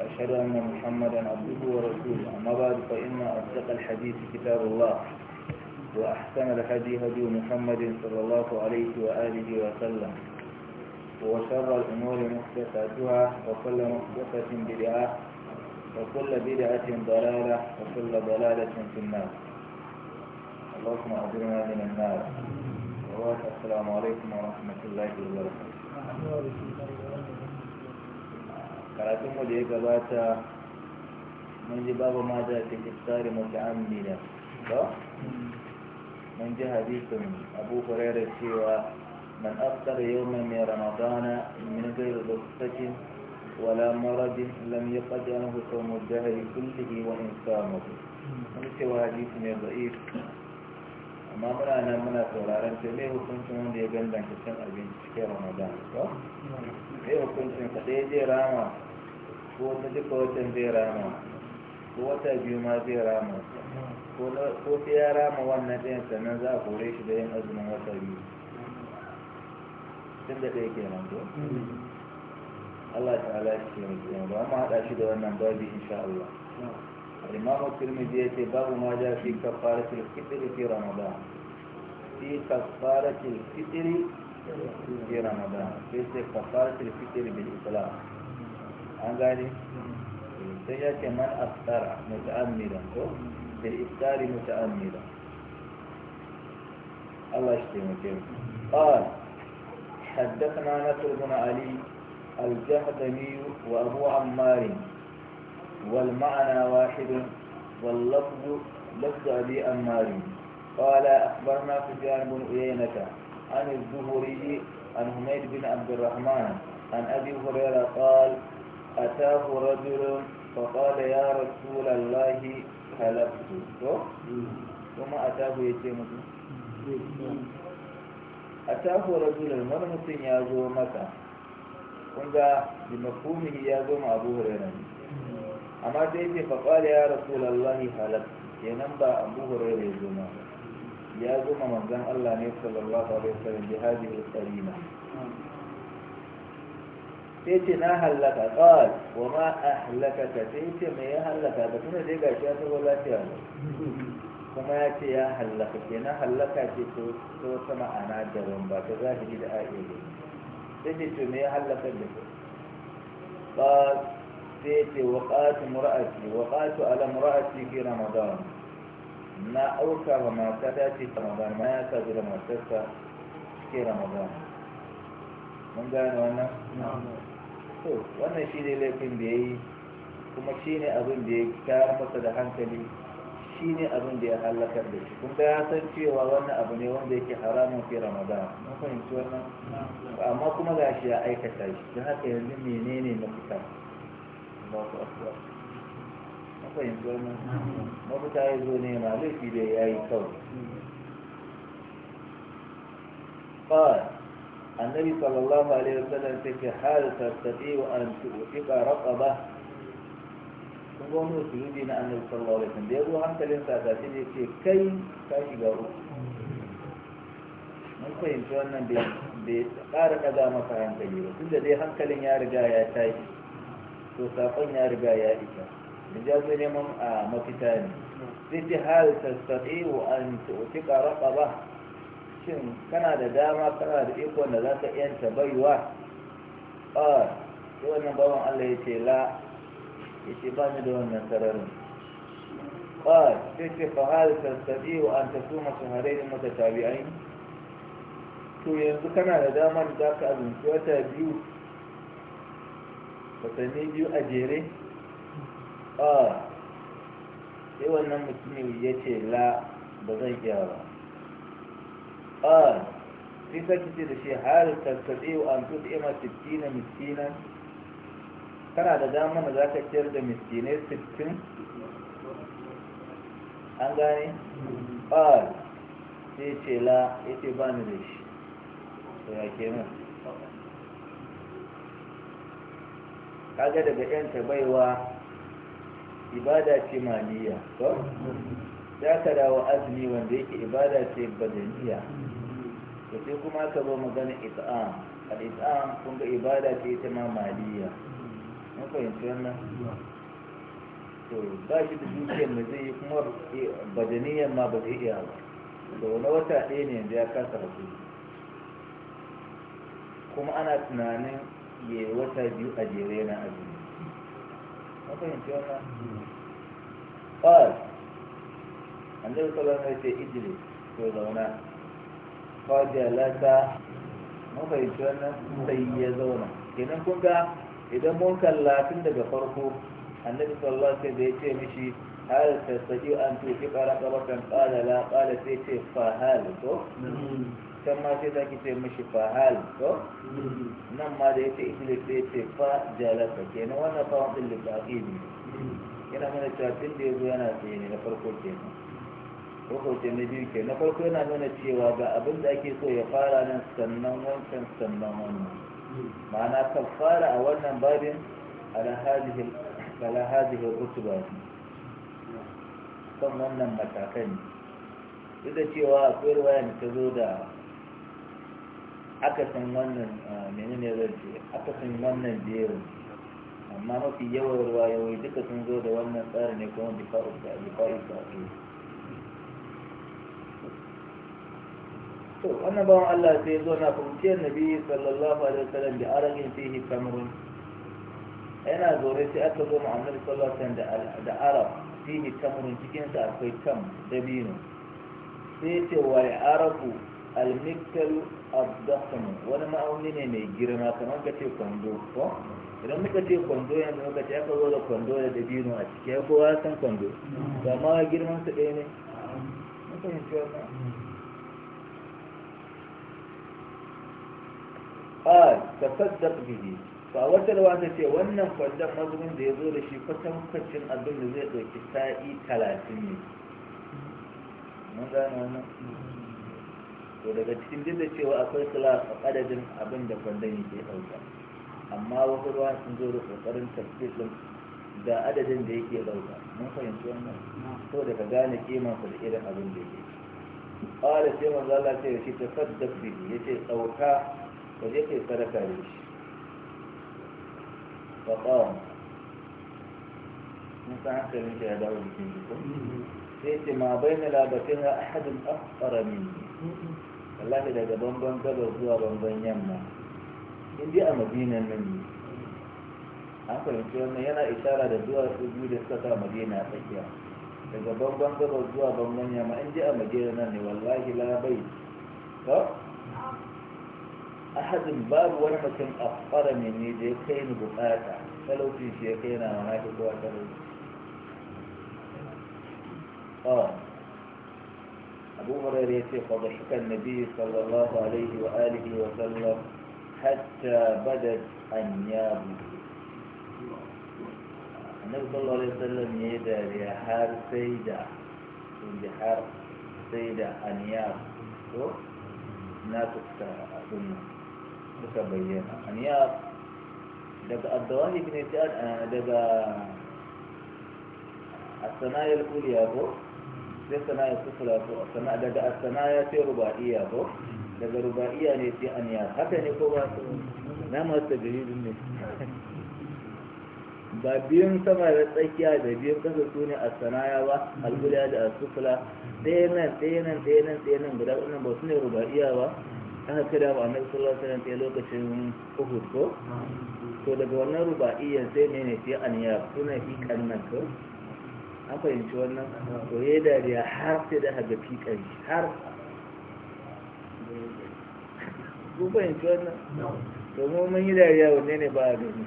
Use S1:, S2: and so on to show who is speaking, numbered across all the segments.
S1: وأشهد أن محمدا عبده ورسوله أما بعد فإن أصدق الحديث كتاب الله وأحسن الهدي هدي محمد صلى الله عليه وآله وسلم وشر الأمور محدثاتها وكل محدثة بدعة وكل بدعة ضلالة وكل ضلالة في النار اللهم أجرنا من النار السلام عليكم ورحمة الله وبركاته karatun mu da ya gabata mun ji babu ma da cikin tsari mu ta amina ba mun ji hadisin abu hurairah cewa man afṭara yawman min ramadana min ghayri dhuffatin wala maradin lam yaqdahu anhu sawmu dahr kullihi wa insamuhu mun cewa hadisi ne da'if amma muna nan muna sauraron ce mai hukuncin wanda ya gandanta cikin abinci cikin ramadan ko mai hukuncin ka ɗaya je rama ko wata duka watan zai rama ko wata biyu ma zai rama ko sai ya rama wannan ɗayan sannan za a kore shi da yin azumin wata biyu tun da ɗaya ke nan ko Allah ta'ala shi ke mutu ba mu haɗa shi da wannan babi insha Allah الإمام الترمذي يأتي باب ما جاء في كفارة الفطر في رمضان في ramadan sai في رمضان ليس كفارة الفطر بالإطلاق an gane sai ya ce متأملا aftara muta'ammidan ko da قال حدثنا نصر بن علي الجهدمي وأبو عمار والمعنى واحد واللفظ لفظ أبي عمار قال أخبرنا سفيان بن عيينة عن الزهري عن حميد بن عبد الرحمن عن أبي هريرة قال أتاه رجل فقال يا رسول الله هلبت ثم أتاه يتيمك أتاه رجل مرمت يا زومك kunga bi mafhumihi ya zo ma Abu Hurairah ne amma dai ce fa qala ya rasulullahi halak kenan ba Abu Hurairah ya zo ya manzon Allah ne sallallahu alaihi sai ce na hallaka qal wa ma ahlakaka sai ce me ya hallaka ka tuna dai gashi ya tawo lafiya ne kuma ya ce ya hallaka kenan hallaka ce to to ta ma'ana daban ba ta zahiri da aƙili sai ce to me ya hallaka da ku qal sai ce wa qatu mur'ati wa qatu ala mur'ati fi ramadan na auka wa mata ta ce ramadan ma ya sadu da matarsa ke ramadan mun gane wannan to wannan shi ne laifin da ya yi kuma shi ne abin da ya tayar masa da hankali shi ne abin da ya halakar da shi kun ya san cewa wannan abu ne wanda yake haramun fi ramadan mun fahimci wannan amma kuma ga shi ya aikata shi don haka yanzu menene mafita fahimci wannan mafita ya zo ne ma laifi da ya yi kawai hmm. annabi sallallahu alaihi wasallam sai ke hal tattabi wa an tu'tiqa raqaba kun ga wani usulubi na annabi sallallahu alaihi wasallam da ya hankalin sa da shi ce kai ka shiga uku mun fahimci wannan bai ƙara ɗaga masa hankali ba tunda dai hankalin ya riga ya tashi to saƙon ya riga ya isa da ja zo neman a mafita ne sai ce hal tattabi wa an tu'tiqa raqaba shin kana da dama kana da ikon da za ka yanta baiwa A sai wannan bawan Allah ya ce la ya ce ba ni da wannan sararin a sai ce fahal tattaɗi wa an tafi masu hare da mata tabi'ai to yanzu kana da dama da za ka azumci wata biyu watanni biyu a jere A sai wannan mutum ya ce la ba zan iya ba في سكت الشيء هل تستطيع أن تطعم ستين مسكينا kana da sittin an gane sai ce la kaga daga yan baiwa ibada ce maliya ko ya ka dawo azumi wanda yake ibada ce badaniya da sai kuma aka zo magana it'am al-it'am kun ga ibada ce ta ma maliya mun fahimci wannan to ba shi da dukiyar mai zai kuma badaniyar ma ba zai iya ba da wani wata ɗaya ne yanzu ya kasa rasu kuma ana tunanin ya yi wata biyu a jere na azumi mun fahimci wannan قال النبي صلى الله عليه وسلم يقول ko zauna. fajalasa mafarci wannan sai ya zauna kenan kun ga idan mun kalla tun daga farko annabi sallallahu alaihi wasallam ya ce mishi hal tasadi an tuqiqa raqabatan qala la qala sai ce fa hal to kan ma sai zaki ce mishi fa hal to nan ma da yace iblis sai ce fa jalasa kenan wannan fa wadin liqaqi ne yana mana cewa tun da yazo yana tsaye ne na farko kenan rukuncin na biyu ke na farko yana nuna cewa ga abin da ake so ya fara nan sannan wancan sannan wannan ma'ana kan fara a wannan babin rutu ba su kan wannan matakan duk da cewa akwai ruwaya ta zo da akasin wannan menene zan akasin wannan jerin amma mafi yawan ruwayoyi duka sun zo da wannan tsarin ne kuma bifa'u ta'adu to wannan bawan Allah sai zo na fahimciyar nabi sallallahu alaihi wasallam da aragin fihi kamrun yana zaure sai aka zo mu'amalar sallallahu alaihi wasallam da arab fihi kamrun cikin sa akwai kam dabino sai ce wa arabu al-miktal abdakham wani ma'auni ne mai girma kamar ka ce kwando ko idan muka ce kwando yanzu muka ce aka zo da kwando da dabino a ciki ya kowa san kwando amma girman su ɗaya ne
S2: mutum ce wannan
S1: قال تصدق به fa wata rawa ta ce wannan kwandon mazubin da ya zo da shi kwatankwacin abin da zai ɗauki sa'i talatin ne mun gane wannan to daga cikin dinda cewa akwai kula a adadin abin da kwandon yake ɗauka amma wasu ruwa sun zo da ƙoƙarin tafsirin da adadin da yake ɗauka mun fahimci wannan to daga gane kimansa da irin abin da yake ƙara sai manzo Allah ce ya ce tasaddaq bihi yace ɗauka ka je sadaka da shi fa qam mun san hankalin ya dawo jikin jiko sai ce ma bai na labatin a ahadin afkara min ne daga bamban gaba zuwa bamban yamma in a madinan nan ne an fahimci wannan yana isara da zuwa su biyu da suka sa madina a tsakiya daga bamban gaba zuwa bamban yamma in ji a madinan nan ne wallahi labai ba أحد باب ورمك أفقر من يديكين بقاتع فلو في شيخين أنا هناك بقاتع آه أبو مرير يتيق وضحك النبي صلى الله عليه وآله وسلم حتى بدت أنياب النبي صلى الله عليه وسلم يدى لحار سيدة لحار سيدة أنياب ناتك أبو مرير suka bayyana an ya daga abdullahi bin sa'ad eh, daga as-sanaya al-ulya ko sai sanaya sufla ko sanaya daga as-sanaya sai rubaiya ko daga rubaiya ne sai an ya haka ne ko ba su na masu dalilin ne ba biyun sama da tsakiya da biyun kasa su ne as-sanaya ba al-ulya da as-sufla ɗaya nan ɗaya nan ɗaya nan ɗaya nan guda ɗaya nan ba su ne rubaiya ba aka kira wa annabi sallallahu alaihi wasallam lokacin Uhud ko to daga wannan rubaiyan sai ne ne sai an ya kuna fi nan ko an fahimci wannan to ya dariya har sai da haga fi shi har ku fahimci wannan to mu mun yi dariya wanne ne ba da ni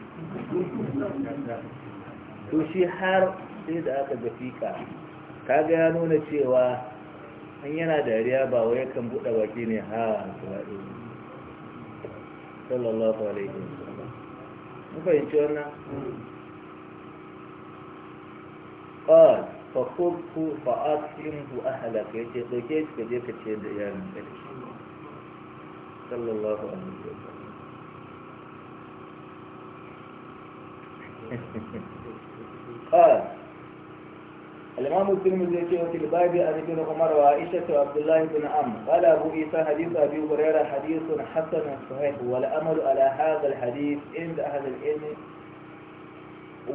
S1: to shi har sai da aka ga fika kaga ya nuna cewa an yana dariya ba wai yakan buɗe baki ne ha sura'i sallallahu alaihi wasallam mun fahimci wannan qal fa khudhu fa atimhu ahlak yace dauke shi ka je ka ce da iyalin ka sallallahu alaihi wasallam qal الإمام الترمذي في الباب أبي بن عمر وعائشة وعبد الله بن عمرو قال أبو عيسى حديث أبي هريرة حديث حسن صحيح والأمر على هذا الحديث عند أهل العلم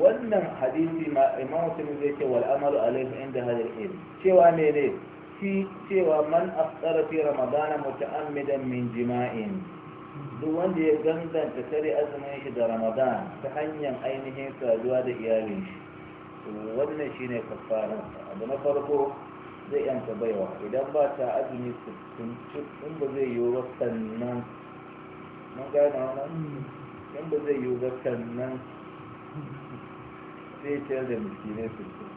S1: ومن حديث ما إمام الترمذي والأمر عليه عند أهل العلم سوى من في سوى من أفطر في رمضان متأمدا من جماع دوان دي جنزان تسري أزمه رمضان تحنيا أينه سادوا دي إياليش to wannan ne kafaransa abu na farko zai yanta baiwa idan ba ta azumi sittin in ba zai yiwu ba sannan mun gane wannan in ba zai yi ba sannan sai ciyar da miskinai sittin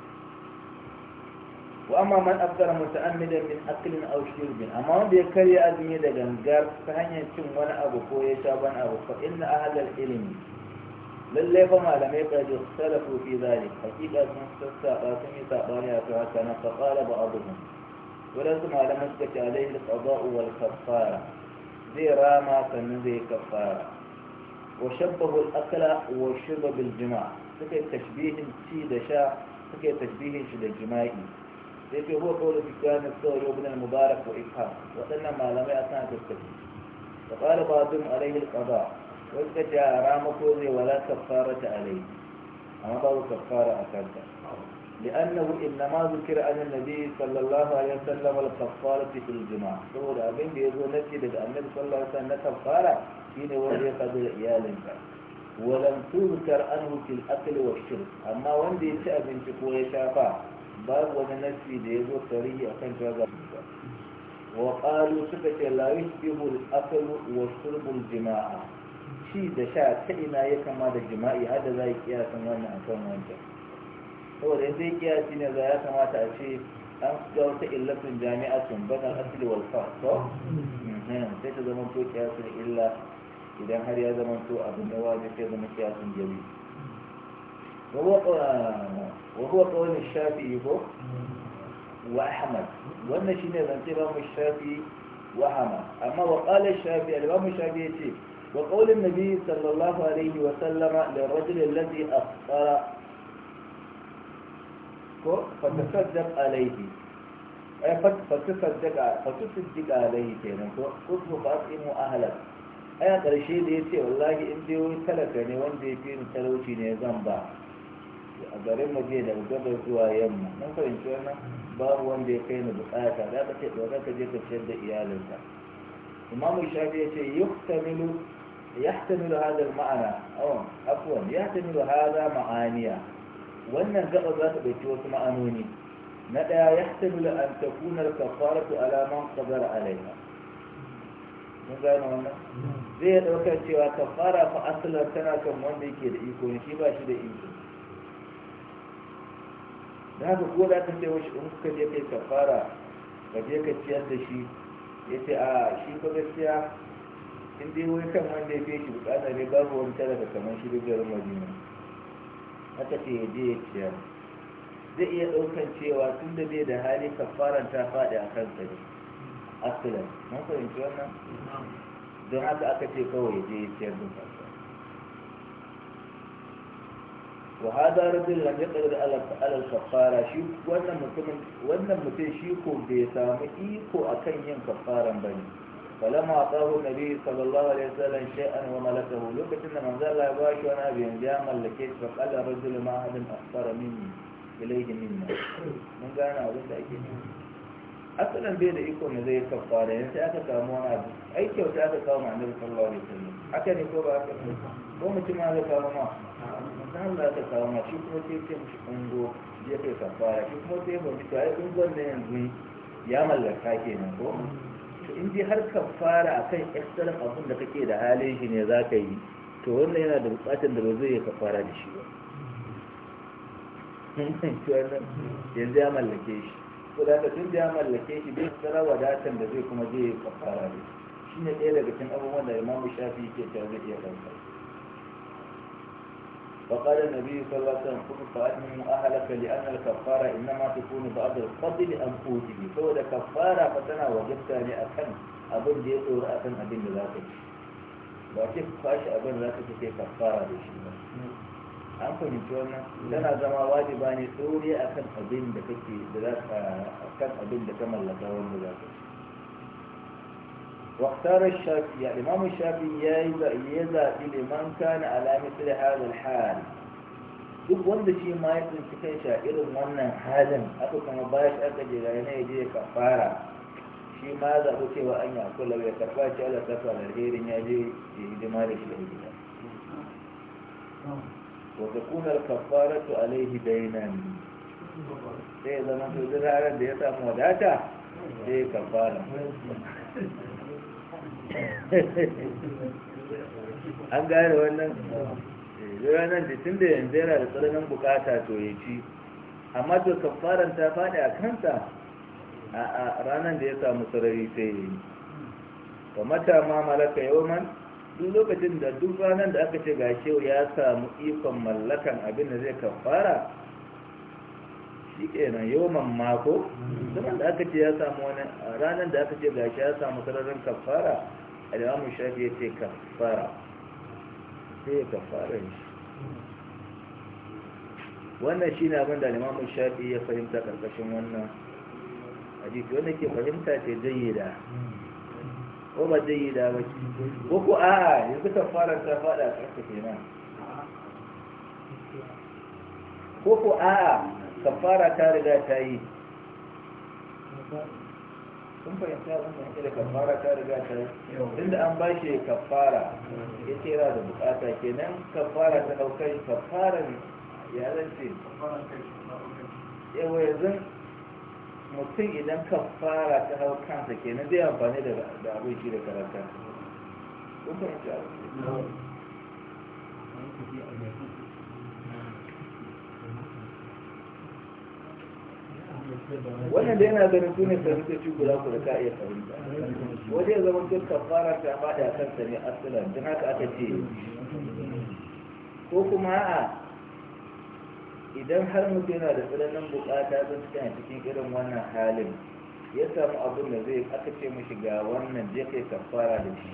S1: wa man abdara muta'ammidan min aqlin aw shirbin amma wanda ya karya azumi da gangar ta hanyar cin wani abu ko ya sha wani abu fa inna ahlal ilmi للي فما لم يقعد السلف في ذلك حقيقة من السلطة باتمي تأباني فقال بعضهم ولازم على مسكة عليه القضاء والكفارة ذي راما فنذي كفارة وشبه الأكل وشرب بالجماع فكي تشبيه في دشاع فكي تشبيه في الجماعي لكن هو قول في كان الثور ابن المبارك وإفهام وقلنا لم يأتنا تستفيد فقال بعضهم عليه القضاء wanda ta ramako zai wala kafara ta alai amma babu kafara a kanta لأنه إنما ذكر عن النبي صلى الله عليه وسلم الكفارة في الجماع سوى الأبين بيزو نتي لدى النبي صلى الله عليه وسلم كفارة شين وهي قد إيالنك ولم تذكر عنه في الأكل والشرب أما وندي يشاء من شكوى شافا باب ونسي بيزو سريه أكن شاذا وقالوا سكت لا يشبه الأكل والشرب الجماعة ci da sha ta ina ya kama da jima'i har da za yi kiyasin wannan akan wancan saboda yanzu ya kiyasi ne za ya kamata a ce an ga wata illatin jami'atun bakal asili wal fa to mm-hmm. sai ta zama to kiyasin illa idan har ya zama to abin da waje sai zama kiyasin jami wa huwa qawli shafi ko wa ahmad wannan shine zance ba mu shafi'i wa ahmad amma wa qala shafi'i al-imam shafi'i yace وقول النبي صلى الله عليه وسلم للرجل الذي أخطر فتصدق عليه فتصدق فتصدق عليه kenan ko kudu ba su mu ahalar aya karshe da yace ce wallahi in dai wani talaka ne wanda ya fi talauci ne zan ba a garin maje daga gabar zuwa yamma nan fahimci wannan babu wanda ya kai ni bukata za ka ce ɗaukar ka je ka ciyar da iyalinka imamu shafi ya ce yuktamilu يحتمل هذا المعنى او عفوا يحتمل هذا معانيا وان الزقر ذات بيتوت معانوني يحتمل ان تكون الكفاره على من قدر عليها من زين وانا زي دوكا تيوا كفاره فاصل سنة كم وندي كير يكون شي باشي دي انت ده هو ذات تيوش انك كفاره فديك تيات شي يتي اه شي كفاره in dai wai kan wanda ya fi shi bukata ne babu wani tara da kamar shi duk garin madina haka ce ya je ya ciya zai iya ɗaukan cewa tun da bai da hali kafaran ta faɗi a kan ne asilan mun fahimci wannan don haka aka ce kawai ya je ya ciyar da kansa wa hada rajul lam yaqdir ala al-kaffara shi wannan mutum wannan mutum shi ko bai samu iko akan yin kafaran bane فلما أعطاه النبي صلى الله عليه وسلم شيئا وملكه لوكت إن من ذا لا يباش وأنا بينجام ملكيت فقال الرجل ما أحد أخطر مني إليه منا من قال أنا أقول لك أصلا بيد يكون زي الكفارة يعني سأتك كامونا أي شيء سأتك عن النبي صلى الله عليه وسلم حتى يكون أكثر ومتى ما ذاك أمونا dan da ta kawo shi kuma sai ce mishi ungo je kai kafara shi kuma sai ya bauta ya ungon da yanzu ya mallaka kenan ko to in dai har ka fara akan ikhtilaf abin da kake da halin shi ne za ka yi to wannan yana da bukatan da ba zai ka fara da shi ba yanzu ya mallake shi ko da tun da ya mallake shi bai tsara wadatan da zai kuma je ka fara da shi shine ɗaya daga cikin abubuwan da imamu shafi ke ta zai iya ɗaukar وقال النبي صلى الله عليه وسلم كن فأتمم أهلك لأن الكفارة إنما تكون بعد القتل أم قوته فهو كفارة فتنا وجبت لأكن أبن ديتور أكن أبن ذاتك وكيف فاش أبن ذاتك كي كفارة بشيء an fahimci wannan tana zama wajiba ne tsoriya akan abin da kake da za ka kan abin da ka mallaka wanda za ka واختار الشافعي الإمام الشافعي يزعي لمن كان على مثل هذا الحال duk wanda shi ma ya tsinci kan sha irin wannan halin aka kuma ba shi aka je rayu na yaje ya kafara shi ma ya zaɓi cewa an ya kula bai karɓa ce Allah ta fara alherin ya je ya hidima da shi a gida wa ta kunar kafaratu alaihi bainan sai ya zama to duk ranar da ya samu wadata sai ya kafara an gane wannan eh, ranar da tun da yanzu yana da tsananin bukata to ya ci amma to kafaran ta faɗi a kansa a ranar da ya samu sarari sai ya yi ba mata ma malaka man duk lokacin da duk ranar da aka ce kyau ya samu ikon mallakan abin da zai kafara shi kenan yawan mako zaman da aka ce ya samu wani ranar da aka ce ga shi ya samu sararin kafara alimamu shafi ya ce kafara sai ya kafara shi wannan shi ne abin da alimamu shafi ya fahimta karkashin wannan hadisi wanda ke fahimta ce jayyida ko ba jayyida ba ce ko ko a yanzu kafara ta fada a ƙarƙa kenan ko ko a kafara ta riga ta yi sun fahimta sun fahimta da kafara ta riga ta yi tunda an ba shi kafara ya kera da bukata kenan kafara ta daukai kafaran ya zance yawa yanzu mutum idan kafara ta hau kansa kenan zai amfani da abin shi da karanta kun fahimta
S2: wannan da yana ganin sune
S1: da suka cikin guda ku da ka iya wajen zaman cikin kafara ta fada kanta kansa ne asalan don haka aka ce ko kuma a idan har mutum yana da tsananin bukata don cikin cikin irin wannan halin ya samu abin da zai aka ce mashi ga wannan je kai kafara da shi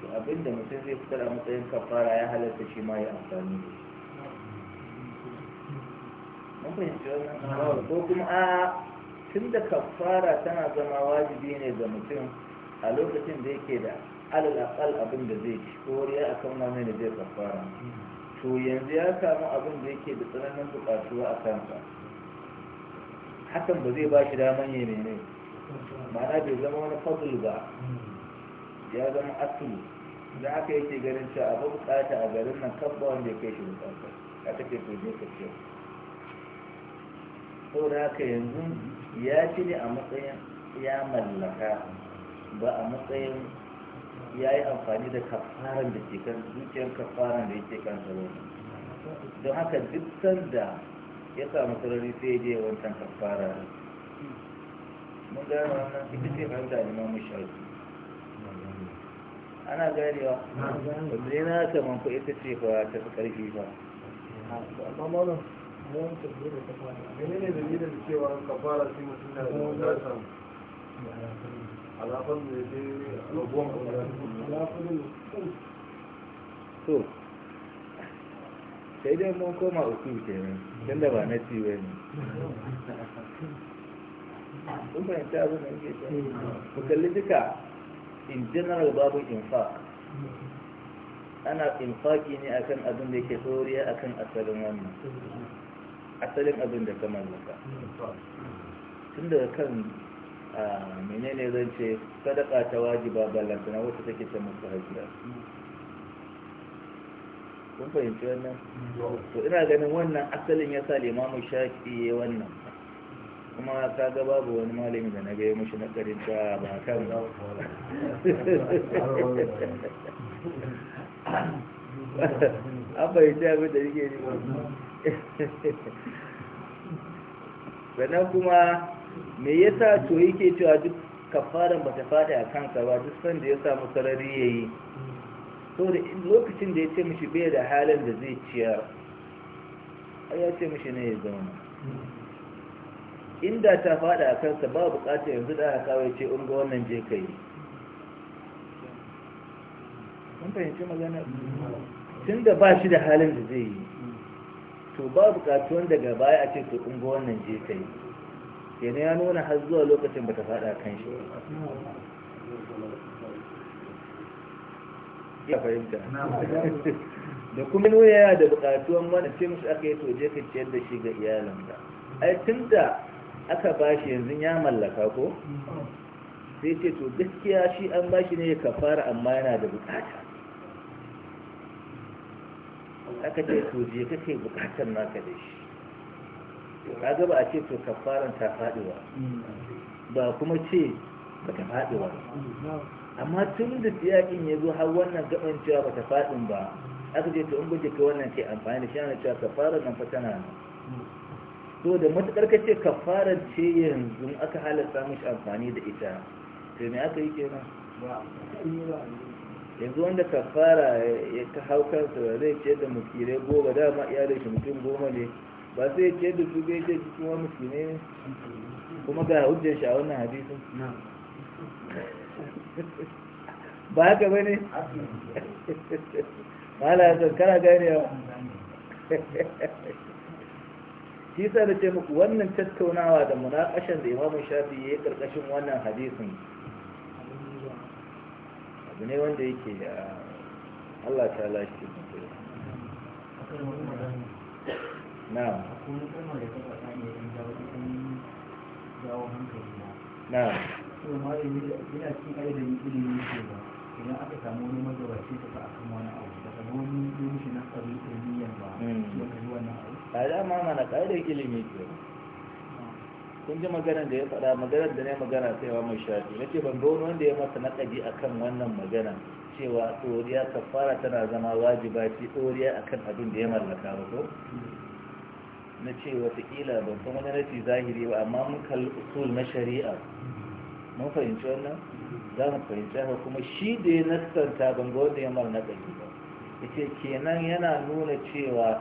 S1: to abin da mutum zai fitar a matsayin kafara ya halatta shi ma ya amfani da shi ko kuma a tun da kafara tana zama wajibi ne ga mutum a lokacin da yake da alalakal abin da zai ci ko ya a kan wani da zai kafara to yanzu ya samu abin da yake da tsananin buƙatuwa a kansa hakan ba zai ba shi daman yi ne ma'ana bai zama wani fadl ba ya zama asulu da aka yake ganin cewa abu bukata a garin nan kabba wanda ya kai shi bukata a a to je ka ce da haka yanzu ya ci ne a matsayin ya mallaka ba a matsayin ya yi amfani da kafaran da ke kan zuciyar kafaran da yake kan sa don haka duk sanda ya samu sarari sai je wancan kafara mun gano wannan ita ce fahimta da mamu shafi ana ganewa wanda na kaman ko ita ce fa ta fi karfi ba
S2: menene dalilin cewa kafara sai mutum na da wadata alafan da ya ce rabuwan
S1: to sai dai mun koma uku kenan tun da ba na ci ba ne kun fahimci abin da yake ku kalli duka in general babu infa ana infaki ne akan abin da yake tsoriya akan asalin wannan asalin abin da ka mallaka tun daga kan menene zan ce sadaka ta wajiba lantana wata take ce musu hajiya kun fahimci wannan to ina ganin wannan asalin ya sa limamu shafi ya wannan kuma ka ga babu wani malami da na gaya mashi na karin ta ba kan an fahimci abin da sannan kuma me yasa to yake cewa duk kafaran ba ta fada a kansa ba duk sanda ya samu sarari ya yi da lokacin da ya ce mishi bai da halin da zai ciyar ya ce mishi ne ya zama. inda ta fada a kansa ba bukatar yanzu da haka kawai ce unga wannan je ka yi fahimci magana tun da ba shi da halin da zai yi to ba bukatu wanda baya a ce tukun in ga wannan je ka yi kenan ya nuna har zuwa lokacin ba ta fada kan shi ya fahimta da kuma nuna yana da bukatuwan mana ce musu aka yi to je ka ciyar da shi ga iyalin ka ai tun da aka ba shi yanzu ya mallaka ko sai ce to gaskiya shi an ba shi ne ya kafara amma yana da bukata aka ce to je kake bukatar naka da shi Ka ba a ce to kafaran ta faɗi ba ba kuma ce ba ta faɗi ba amma tun da tiyakin ya zo har wannan gaban cewa ba ta faɗin ba aka ce to in guje ka wannan ke amfani da shi ana cewa kafaran nan fa na. nan to da matukar ka ce kafaran ce yanzu aka halatta mishi amfani da ita to me aka yi kenan yanzu wanda kafara ya ta hau kansa zai ce da ba goma dama iya shi mutum goma ne ba sai ya da su bai ce cikin wani muskine ne kuma ga hujjar shi a wannan hadisin ba haka ba ne mala ya san kana ganewa shi sa da ce muku wannan tattaunawa da munakashin da imamun shafi ya yi karkashin wannan hadisin abu ne wanda yake Allah ta lashe na'am na'am to ma da cikin da ilimi ke ba idan aka samu wani magabaci ta ba akan wani abu daga wani yin shi na ƙarfi ilmiyyar ba wannan abu a dama mana ƙa'idar ilimi ce kun ji maganar da ya faɗa maganar da ne magana cewa mai shafi na ce ban ga wani wanda ya masa naƙaji a kan wannan magana cewa tsoriya kafara tana zama wajiba ce tsoriya a kan abin da ya mallaka ba ko na ce watakila ban san wani rafi zahiri ba amma mun kalli usul na shari'a mun fahimci wannan za mu fahimci haka kuma shi da ya nassanta ban ga wanda ya mallaka ba yake kenan yana nuna cewa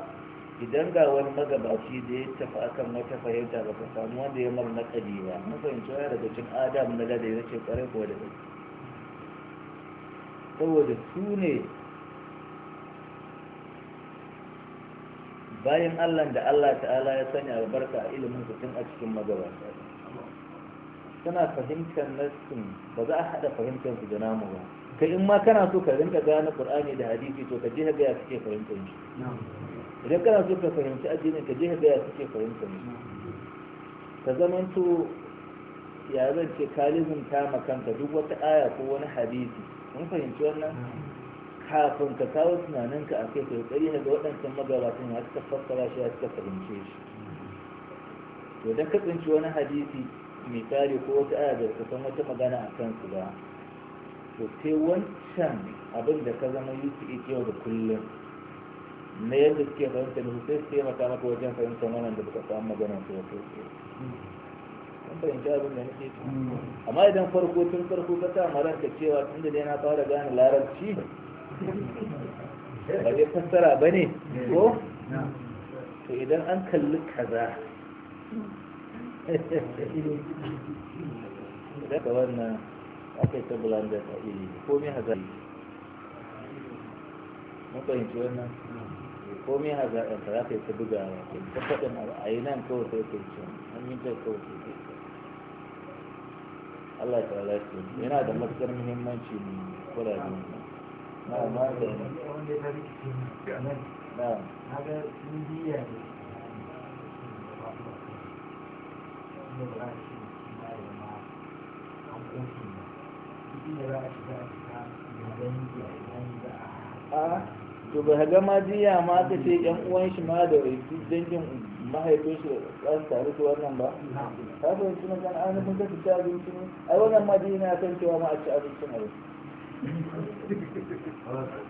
S1: idan ga wani magabaci da ya tafi akan wata fahimta ba ka samu wanda ya mara naƙari ba na cewa ya daga cikin adam na gada yana ce kwarai kuwa da kai saboda su ne bayan allah da allah ta'ala ya sanya albarka a ilimin su tun a cikin magabata suna fahimtar nassin ba za a haɗa fahimtar su da namu ba kai in ma kana so ka rinka gane qur'ani da hadisi to ka je ka ga ya fahimtar
S2: shi
S1: idan kana so ka fahimci addinin ka je ka gaya suke fahimta ne ka zamanto ya zan ce kalizin ta makanta duk wata aya ko wani hadisi mun fahimci wannan kafin ka kawo tunaninka a kai kokari na ga waɗancan magabatan ya suka fassara shi ya suka fahimce shi to idan ka tsinci wani hadisi misali ko wata aya da ka san wata magana a kansu ba to sai wancan abin da ka zama yusu yau da kullum na yadda suke fahimta da sai su taimaka maka wajen fahimta wannan da baka samu maganar su wasu an fahimci abin da nake ci mm. amma idan farko tun farko ka sa maranka cewa tun da dai na fara gane larabci ba dai fassara ba ne mm. ko to idan an kalli kaza daga wannan aka yi ta bulanda ta iri ko mai hazari mafahimci wannan komai hazaƙar ta za ka yi ta buga wa ke ta faɗin a yi nan kawai sai kai ce an yi ta kawai sai kai Allah ta ala ce yana da matuƙar muhimmanci ne da ne na ma da ne wanda ya tarihi ce na na ga indiya ne a to ba ga ma jiya ma ta ce yan uwan shi ma da dangin mahaifin shi za su taru su wannan ba ta fahimci na kan ainihin ka ta abinci ne ai wannan ma jiya na kan cewa ma a ci abincin a yau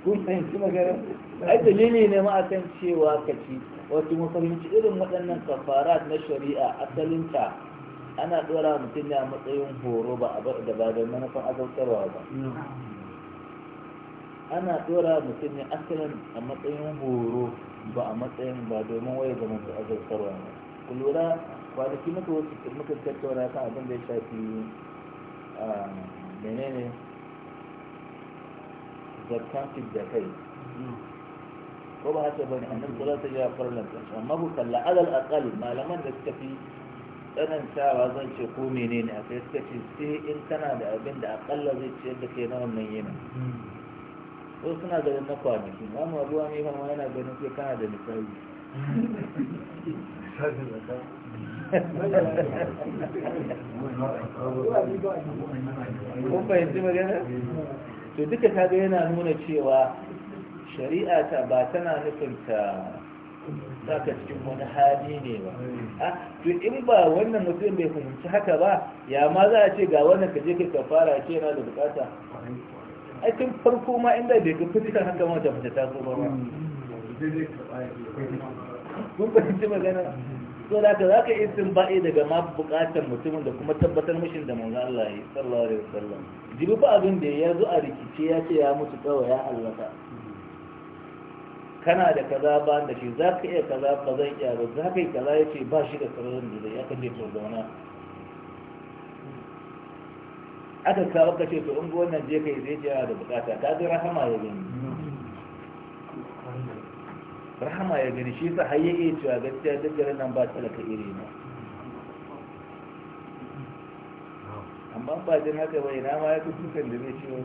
S1: kun fahimci magana ai dalili ne ma a san cewa ka ci wato mu fahimci irin waɗannan kafara na shari'a asalinta ana ɗora mutum ne a matsayin horo ba a da ba da manufan azautarwa ba ana dora mutum ne asalin a matsayin horo ba a matsayin ba domin waya zama su azartarwa ne ku lura kwanaki muka wasu muka tattauna kan abin da ya shafi ah, menene zartan da kai ko ba haka bane annabi sallallahu alaihi wasallam ya farlanta amma ku kalla alal aqal malaman da suka fi tsanantawa zan ce ko menene a kai suka ce sai in kana da abin da akalla zai ciyar da kai na wannan yana ko suna ganin na kwanaki mu ruwa ne yana ganin ke kana da misali kun fahimci magana? to duka ta ga yana nuna cewa shari'a ta ba tana nufin ta saka cikin wani hali ne ba a to in ba wannan mutum bai fahimci haka ba ya ma za a ce ga wannan ka je ka fara ce yana da bukata Aikin tun farko ma inda bai ga fuskar haka ma da mace ta so ba mun fahimci magana so da ka zaka yi sun ba'i daga ma bukatar mutumin da kuma tabbatar mishin da manzo Allah ya sallallahu alaihi wasallam jibi fa abin da ya zo a rikice ya ce ya mutu kawai ya hallaka kana da kaza ba da shi zaka iya kaza ba zan iya ba zaka yi kaza yace ba shi da sararin da zai ya kace to zauna aka kawo ka ce to in wannan je kai zai je da bukata ta ga rahama ya gani rahama ya gani shi sa har yake cewa gaskiya duk garin nan ba talaka iri na amma ba jin haka bai na ma ya fi sukan da zai ciwo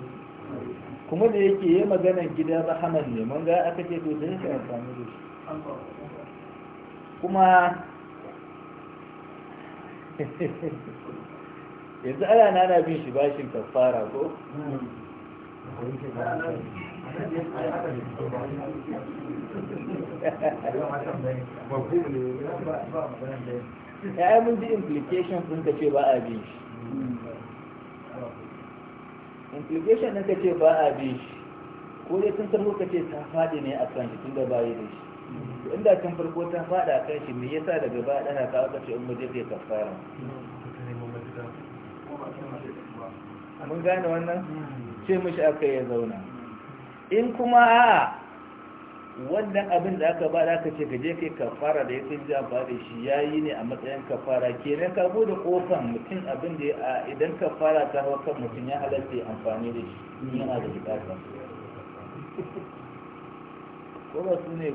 S1: kuma da yake yi maganan gida rahaman ne mun ga aka ce to da yake amfani da shi kuma yanzu ana nana bin shi bashin kafara ko ya mun ji implication sun ka ce ba a bin shi implication ɗin ka ce ba a bin shi ko dai sun farko ka ce ta faɗi ne a kan shi tun da bayi da shi inda tun farko ta faɗi a kan shi me yasa daga ba ɗana ka aka ce in mu je kai kafara mun gane wannan ce mm. mishi aka ya zauna in kuma a wannan abin da aka ba da aka ce gaje kai kafara da ya fi ji bada shi ya yi ne a matsayin kafara kenan ka bude kofan mutum abin da a idan kafara ta hawa kan mutum ya halatta amfani da shi mm. yana da bukata ko ba su ne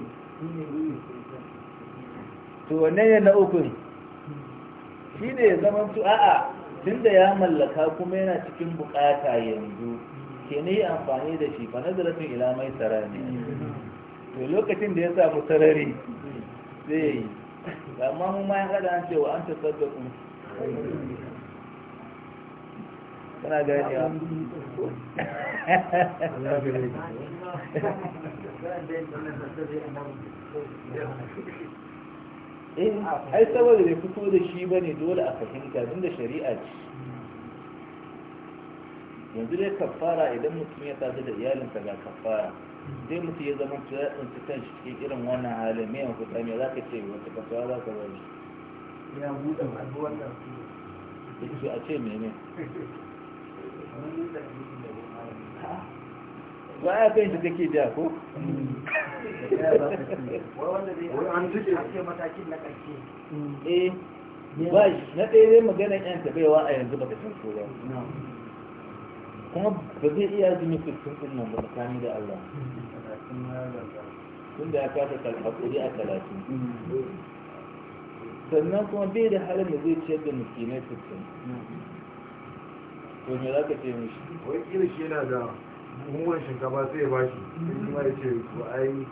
S1: to wannan ya na ukun shi ne zaman su a'a tunda ya mallaka kuma yana cikin bukata yanzu ke ne yi amfani da shi fa nazaratun ila mai sarari to lokacin da ya samu sarari zai yi amma mu ma ya an cewa an kun kana gani ya eh ai saboda bai fito da shi ba ne dole a fahimta din da shari'a ce yanzu dai kafara idan mutum ya tafi da iyalinsa ga kafara sai mutum ya zama tuwa ya tsinci kan shi cikin irin wannan halin mai yanku ta ne za ka ce wata kasuwa za ka bari ya buɗe masu wannan su a ce mene ba a kan shi take da ko eh, ba shi na ɗaya zai maganar yan tabewa a yanzu ba ta san ba kuma ba zai iya zumi fitin ɗin nan ba tsakani da Allah tun da ya kasa kalmakuri a talatin sannan kuma bai da halin da zai ciyar da miskinai fitin to me za ka ce mishi wai kila shi yana da mummuna shinkafa sai ya shi ma ya ce ai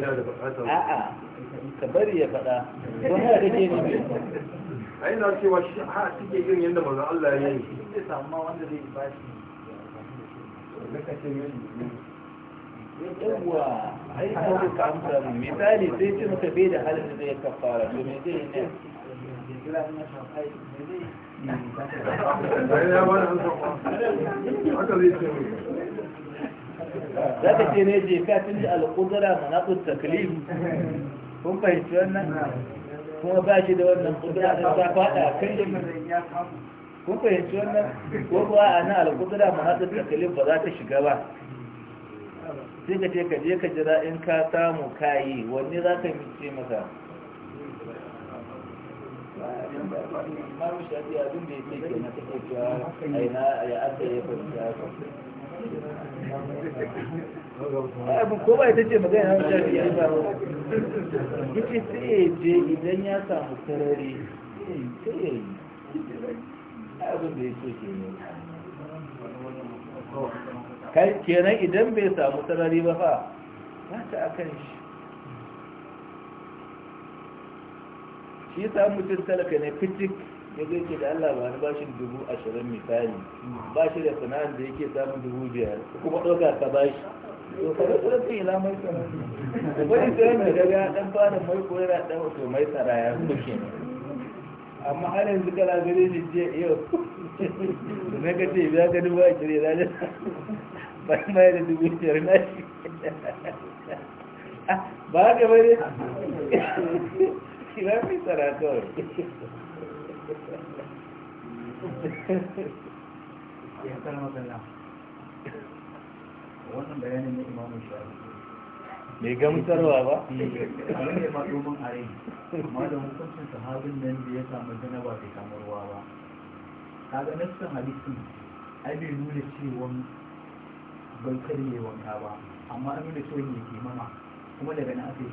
S1: da bukatar a'a ka bari ya faɗa ko haka kake ne na cewa shi ha suke yadda manzon Allah ya yi zai samu ma wanda zai bashi yawwa ai misali sai ce maka bai da halin da zai kafara to me zai yi ne za ka ce ne je ka tun da alƙudura manaƙun taklif kun fahimci wannan kuma ba shi da wannan ƙudura da ta faɗa a kan kun fahimci wannan ko kuwa a nan alƙudura manaƙun taklif ba za ta shiga ba sai ka ce ka je ka jira in ka samu kayi wanne za ka yi ce masa abin ko ba ita ce magana na ya ba sai je idan ya samu sarari sai ya yi abin da ya ce ke ne kai kenan idan bai samu sarari ba fa ba ta akan shi shi ta mutum talaka ne fitik ya zai ce da Allah ba ba bashin dubu ashirin misali ba shi da sana'ar da yake samun dubu biyar kuma ɗauka ka bashi to kada kuma sai ila mai tsara wani sai mai daga ɗan fara mai koyar yana dan mai tsara ya kuke ne amma har yanzu kala gare shi je yau da na ga ce ya ga dubu ashirin ya zaje ba mai da dubu biyar na shi ba ga bane Vai pensar, Antônio. Ya kana magana. Wannan ba? Eh, abin a rai, amma da hukuncin sahabin nan da ya samu ai bai nuna cewa bai karye wanka ba, amma an nuna cewa ne ke mama kuma na aka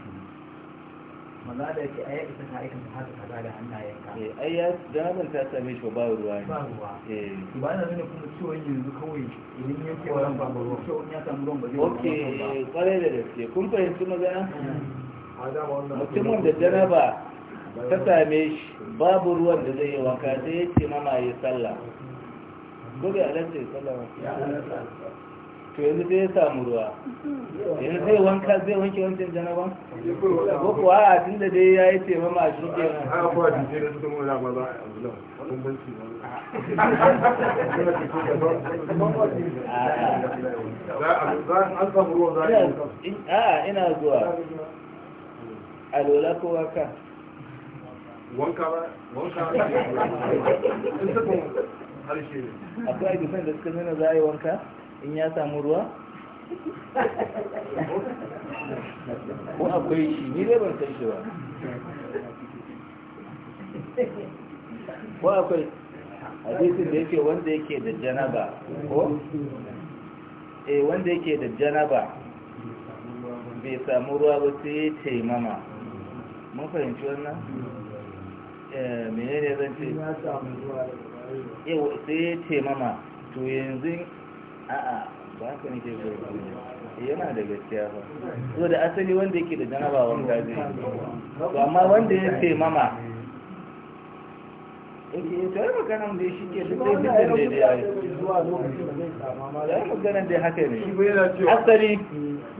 S1: maza da yake a ai ita ka aikata haka kaza da hannayenka eh ai ya daman ta same shi ba ruwa ne ba ruwa eh ba na nuna kuma cewa yanzu kawai idan ya ce wannan ba ruwa cewa ya samu ruwan ba zai okay kwarai da gaske kun fahimci magana mutumin da janaba ta same shi babu ruwan da zai yi wanka sai ya ce mama ya sallah gobe a lantarki sallah ya to yanzu zai samu ruwa yanzu zai wanka zai wanke wancan janaban ko kuwa a tun da dai ya yi taimama a shi ke a a ina zuwa lola ko waka
S2: wanka ba wanka ba a suka
S1: harshe akwai da suka nuna za a yi wanka in ya samu ruwa ko akwai shi ni dai ban san shi ba ko akwai hadisin da yake wanda yake da janaba ko eh wanda yake da janaba bai samu ruwa ba sai ya taimama mun fahimci wannan eh menene zan ce Eh sai ya taimama to yanzu a'a ba ka nake so eh, yana da gaskiya ba so da asali wanda yake da janaba wanda zai yi. to amma wanda ya ce mama yake to yi maganan da shi ke duk zai fitar da ya yi ya yi maganan da haka ne asali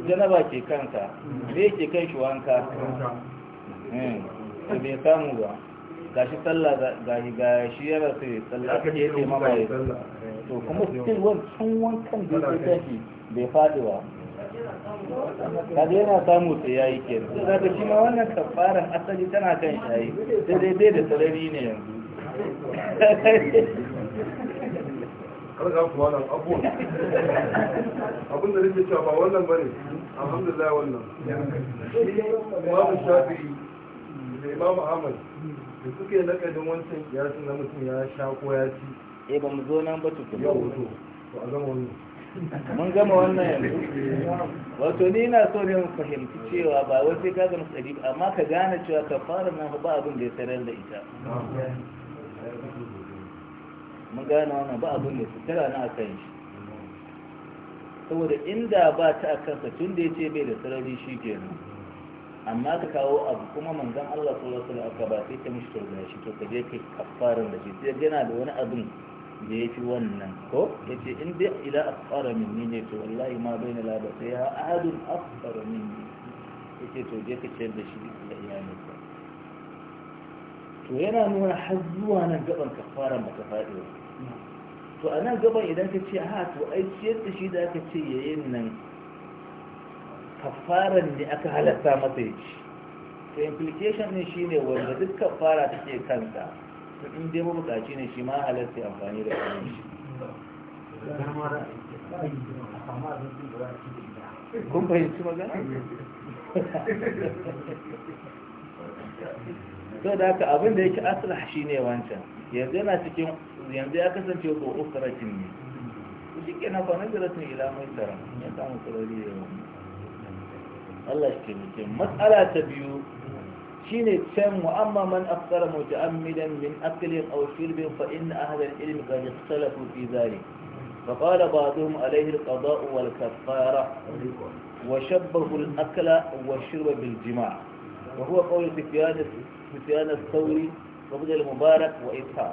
S1: janaba ke kanka da ke kai shi wanka hmm. bai samu ba gashi sallah gashi gashi ya rasu ya sallah aka ce yake to kuma still wancan wancan da yake bai faɗi ba
S2: kaga yana samu sai yayi kenan
S1: wannan kafaran asali tana kan shayi sai dai dai da sarari ne yanzu karga ku wannan abubuwan abin da nake cewa ba wannan alhamdulillah wannan imamu da imamu ahmad da suke lakadin wancan kiyasin na mutum ya sha ko ya ci e ba mu zo nan ba tukun ya wuto to a gama wannan mun gama wannan yanzu wato ni na so ne mu fahimci cewa ba wai sai ka gama tsari amma ka gane cewa ka fara nan ba abin da ya sanar da ita mun gane wannan ba abin da ya tara na kan shi saboda inda ba ta a kansa tun da ya ce bai da sarari shi kenan amma ka kawo abu kuma manzon Allah sallallahu alaihi wasallam aka ba sai ka mishi da shi to ka je kai kafarin da shi sai yana da wani abin da ya fi wannan ko yace ce in dai ila asfara min ni ne to wallahi ma bai na laba sai ya ahadun asfara min ni ya ce to je ka ciyar da shi da iyalinsa to yana nuna har zuwa nan gaban kafaran baka faɗi ba to a nan gaban idan ka ce ha to ai ciyar da shi da aka ce yayin nan kafaran da aka halatta masa ya ci to implication ne shine wanda duk kafara take kanta to in dai mabukaci ne shi ma halatta amfani da kayan shi
S2: kun fahimci magana?
S1: to da haka abin da yake shi shine wancan yanzu yana cikin yanzu ya kasance ko usratin ne shi kenan fa nazaratin ila mai tsara ya samu sarari da yawa Allah matsala ta biyu shine can mu amma man aftara mu ta'ammidan min aqlin aw shirbin fa inna ahla al-ilm qad ikhtalafu fi zalik fa qala ba'dhum alayhi al-qada' wal kafara wa shabbahu al wa shirba bil jima' wa huwa qawl sufyan sufyan al-thawri wa bidal mubarak wa itha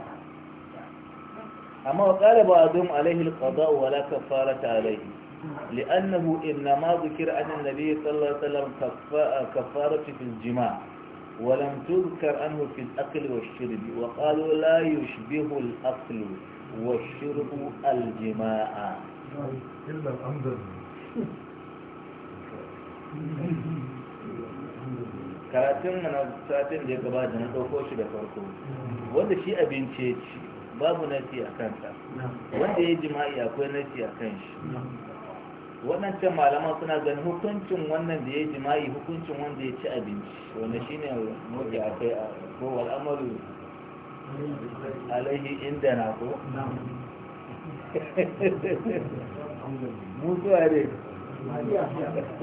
S1: amma wa qala ba'dhum alayhi al-qada' wa la kafara alayhi لأنه إنما ذكر أن النبي صلى الله عليه وسلم كفارة في الجماع ولم تذكر أنه في الأقل والشرب وقالوا لا يشبه الأقل والشرب الجماع إلا الأمدر karatun mana satin da ya gabata na ɗauko shi da farko wanda shi abinci ya ci babu nasi a kansa wanda ya ji jima'i akwai nasi a kan
S2: shi
S1: waɗancan malaman suna ganin hukuncin wannan da ya yi jima'i hukuncin wanda ya ci abinci wanda shi ne mafi kai a kowal amaru alaihi inda na ko musu a ne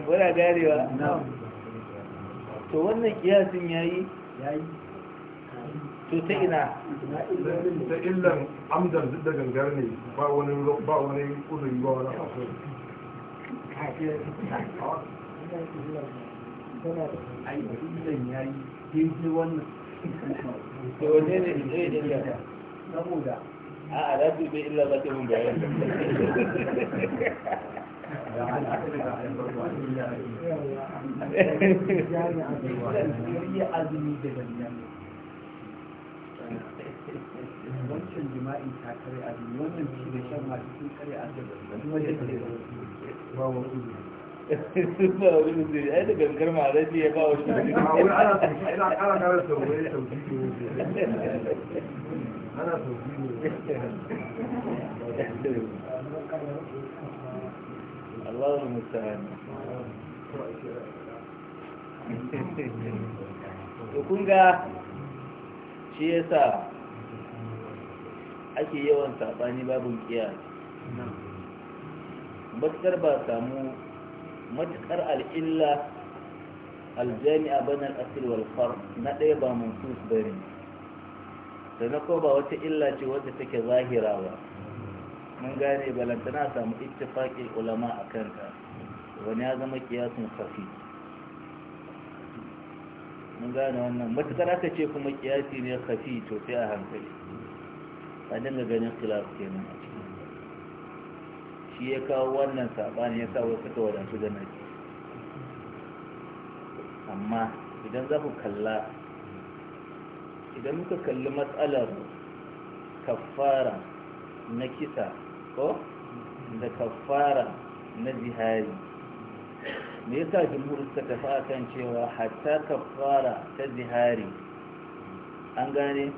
S1: wadda garewa to wannan kiyasin ya yi to ta ina ta illan amdan duk da gangar ne ba wani uzuri ba wani abu saboda a a rabi azumi da wancan jima'i ta kare wannan da shan ma cikin kare ya ba Allah to kun ga shi yasa ake yawan saɓani babin kiyas matukar ba samu matukar al'illa aljami'a a banar wal far na ɗaya ba bari. Da na ko ba wata illa ce wadda take zahira ba mun gane balantana samu ittifaqin ulama a kanta wani ya zama kiyasin kafi mun gane wannan matukar aka ce kuma kiyasi ne kafi to sai a hankali a dinga ganin khilaf kenan shi ya kawo wannan sabani ya sa wasu suka wadansu da nake amma idan za ku kalla idan muka kalli matsalar kafara na kisa ko da kafara na jihari me yasa jumhur suka tafi akan cewa hatta kafara ta jihari an gane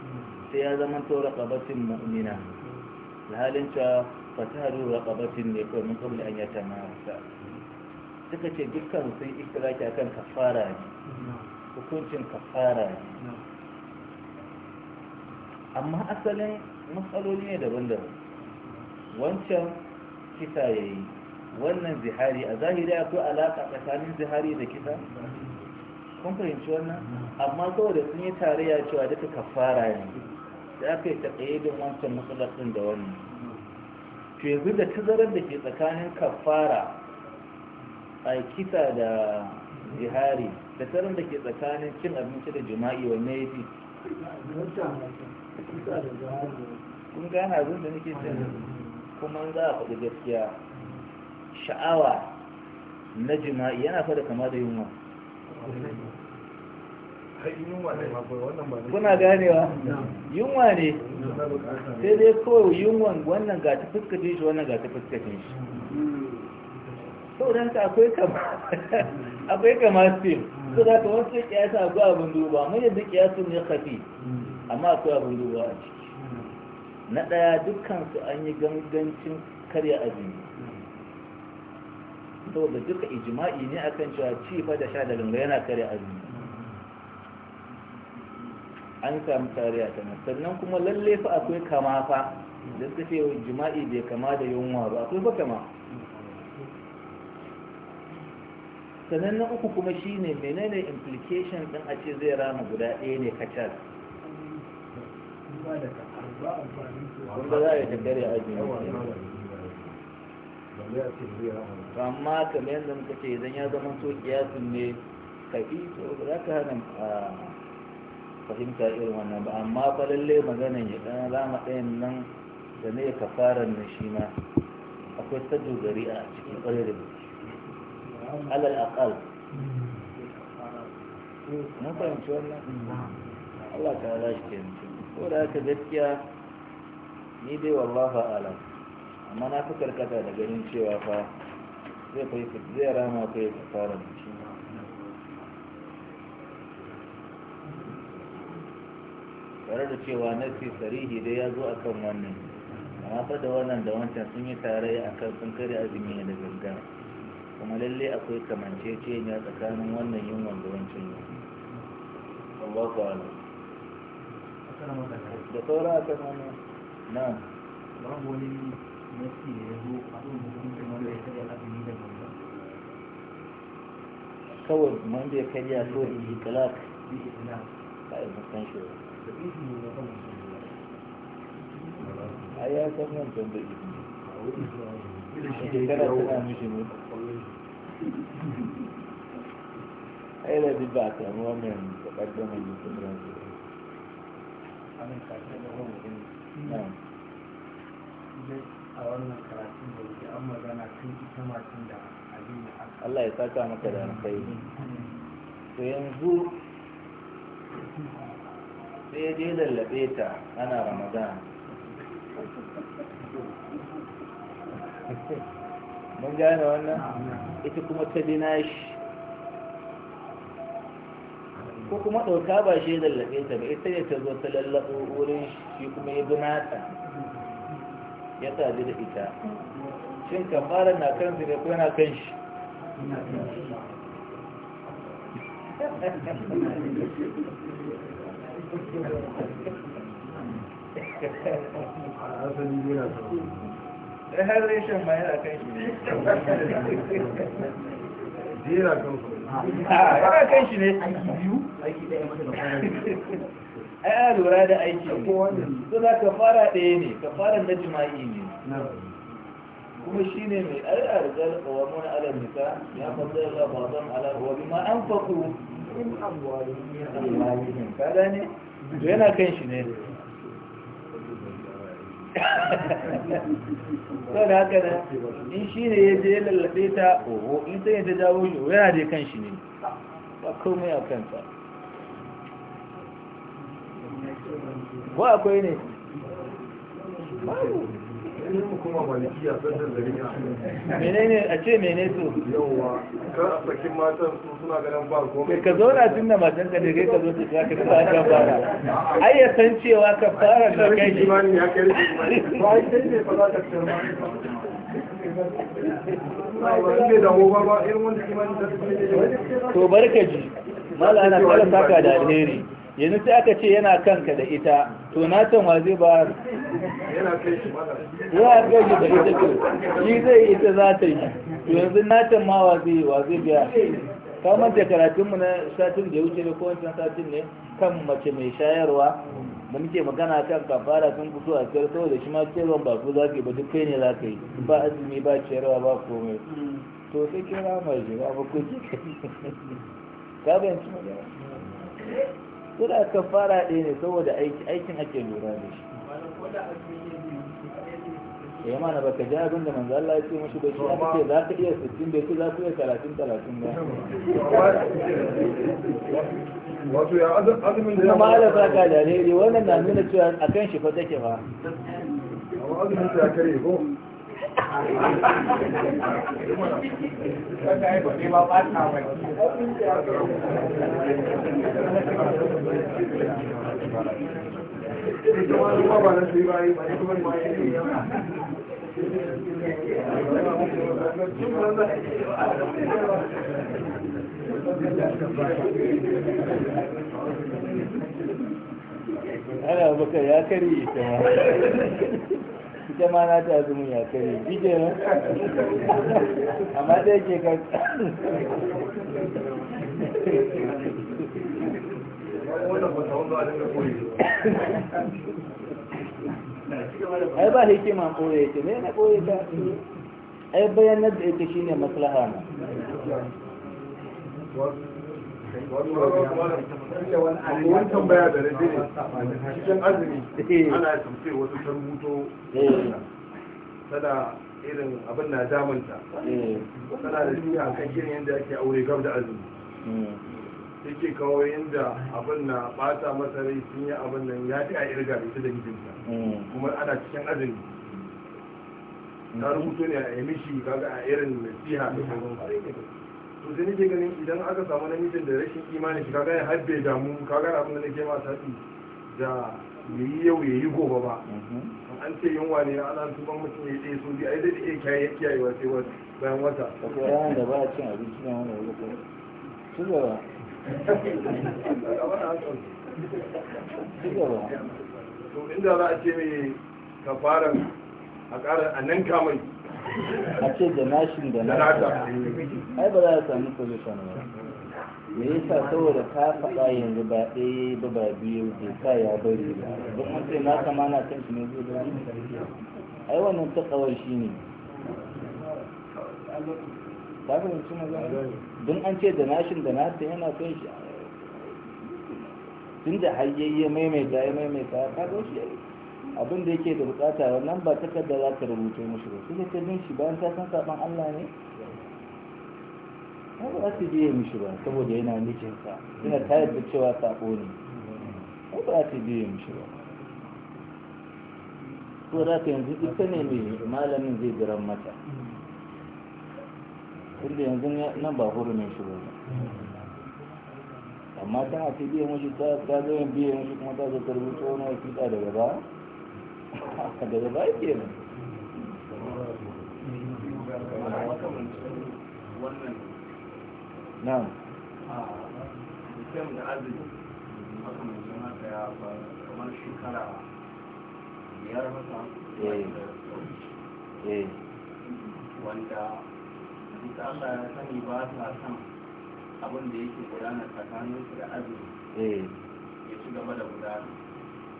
S1: sai ya zama to raqabatin mu'mina halin cewa fataru raqabatin ne ko mun kuma an ya masa suka ce dukkan sun ki akan kafara ne hukuncin kafara ne amma asalin matsaloli ne daban-daban wancan kisa ya yi wannan zihari a zahiri akwai alaƙa tsakanin zihari da kisa kun fahimci wannan amma saboda sun yi tarayya cewa duka kafara ne sai aka yi taƙayyadin wancan matsalar ɗin da wani. to yanzu da tazarar da ke tsakanin kafara a kisa da zihari da tazarar da ke tsakanin cin abinci da jima'i wanne ya fi kun gane abin da nake cin kuma za a faɗi gaskiya sha'awa na jima'i yana fada kama da yunwa kuna ganewa yunwa ne sai dai kawai yunwan wannan ga ta fuskacin shi wannan ga ta fuskacin shi sauran ta akwai kama akwai kama sim su da ka wasu kiyasa akwai abin duba mai yadda kiyasun ya kafi amma akwai abin duba a ciki na ɗaya dukkansu an yi gangancin karya azumi saboda duka ijima'i ne akan cewa ci fa da sha da ganga yana karya azumi an samu tariya ta nan sannan kuma lalle fa akwai kama fa da suka ce jima'i bai kama da yunwa ba akwai fa kama sannan na uku kuma shine menene implication din a ce zai rama guda ɗaya ne kacal wanda za a yi tattare a jini amma kamar yadda muka ce idan ya zama so kiyasin ne kafi to za ka hana ah, fahimta irin wannan ba amma fa lalle maganan ya dan zama ɗayan nan da ne kafaran na shi ma akwai ta dogari a cikin ƙwarai da gaske alal aqal mun fahimci wannan Allah ta ala shi kenan ko da haka gaskiya ni dai wallahi alam amma na fi karkata da ganin cewa fa zai fa zai rama kai kafaran shi tare da cewa nasi sarihi dai ya zo a kan wannan amma fa da wannan da wancan sun yi tarayya akan sun kare azumi ne da ganga kuma lallai akwai kamanceceniya tsakanin wannan yin da wancan yin Allahu a'lam da saura a kan wani na babu wani nasi da ya zo a kan hukuncin wanda ya kare azumi da ganga kawai wanda ya karya so ikilak ba a yi mutan shi a ya san wancan da ita shekara tana mishi ne a yi da duk ba a samu wannan a wannan karatun da wuce an magana kan ita matan da abin da Allah ya saka maka da alkhairi to yanzu sai dai, lallabe ta ana ramadan mun gane wannan ita kuma ta dina shi ko kuma ɗauka ba shi lallabe ta ba ita ne ta zo ta lallaɓo wurin shi kuma ya bi nata ya sadu da ita shin kamarar na kan su ne ko yana kan shi har yana kan shi ne biyu aiki ɗaya mata lura da aiki su za ka fara ɗaya ne ka fara na jima'i ne kuma shi ne mai al'adar wa mun alal nisa ya fasa ya fasa ala wa ma an faku kada ne to yana kan shi ne sau da haka nan in shi ne ya je lallabe ta oho in sai ta jawo shi o yana da kan shi ne ba komai a kansa
S2: ba akwai ne babu
S1: menene a ce mene to yawa kar a sakin matan su suna ganin ba komai ka zo na tunda matan ka ne kai ka zo ta za ka ba fara ai ya san cewa ka fara da kai ne ba ai
S2: sai ne fa za ka tsama
S1: to barka ji mala ana kala saka da alheri yanzu sai aka ce yana kanka da ita to na can wa zai ba yana kai
S2: shi da ita to shi zai ita za ta yi
S1: to yanzu na can ma wa zai wa zai biya kamar da karatunmu na satin da ya wuce ne ko wancan satin ne kan mace mai shayarwa da muke magana kan kafara sun fito a sau da shi ma ciyarwan ba ku za ka yi ba duk kai ne za ka yi ba azumi ba ciyarwa ba komai to sai kira mai shiga ba ku ji ka bayanci magana ko kafara ɗaya ne saboda aikin ake lura da shi ya eh, mana baka ji abin da manzo Allah ya ce mushi da shi ake za ka iya 60 da ce za ku iya 30 30 ba
S2: wato ya azumin da ma saka da
S1: wannan na nuna cewa akan shi fa take ba
S2: ta kare ko ana baka ya kare ita ma
S1: ita ma na ta zumun ya kare bije ne amma dai ke ka ai ba hikima koye ce ne na koye ta ai bayanar da ita shine maslaha ne
S2: wani tambaya da rabe ne cikin azumi
S1: ana tamfe wasu ta rubuto tana irin abin na damanta. tana da shi a kan irin yadda ake aure gab da azumi yake kawo yadda abin na bata masa rai sun yi abin nan ya fi a irga da ita da mijinta kuma ana cikin azumi ta rubuto ne a yi mishi kaga a irin nasiha da sauran to sai nake ganin idan aka samu namijin da rashin imani shi kaga ya habbe damu kaga abin da nake ma tafi da yi yau ya yi gobe ba mhm. an ce yunwa ne ana tuban mutum ya ɗaya a ai zai iya kiyaye wa sai wata bayan wata wato ranar da ba a cin abinci na wani wani ko su gaba
S2: to inda za a ce mai kafaran a a nan kamai a ce da nashin da na ai
S1: ba za a sami solution ba me yasa saboda ta faɗa yanzu ba ɗaya ba ba biyu bai sa ya bari ba duk an ce na kama na kan shi ne zai bari ai wannan ta kawai shi ne ta fahimci magana don an ce da nashin da ta yana kan shi tun da hayayye maimaita ya maimaita ka zo shi ya yi. abin da yake da bukata wannan ba takarda za ka rubuta mushi ba sai ta bin shi bayan ta san saban Allah ne ba za su biye mushi ba saboda yana mijinsa yana tayar da cewa sako ne ba za su biye mushi ba ko za ka yanzu ita ne mai malamin zai biran mata inda yanzu nan ba ne shi ba amma tana ta biye mishi ta zai biye mishi kuma ta zai karbi tsohon wasiƙa daga ba daga ba ke nan na'am da azumi makamancin haka ya kamar shekara biyar haka wanda ita Allah ya sani ba sa san abin da yake gudana tsakaninsu da azumi eh. ya ci gaba da gudana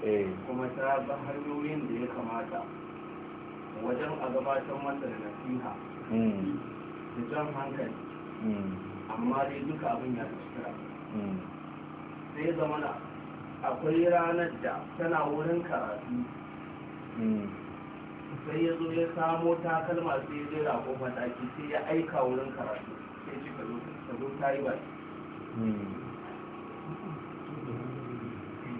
S1: Eh. kuma ta ga hanyoyin da ya kamata wajen a gabatar masa da nasiha hmm. da jan hankali hmm. amma dai duka abin ya fuskara hmm. sai zamana akwai ranar da tana wurin karatu sai ya zo ya samo takalma sai ya zai rako mataki sai ya aika wurin karatu sai ci ka zo ta yi ba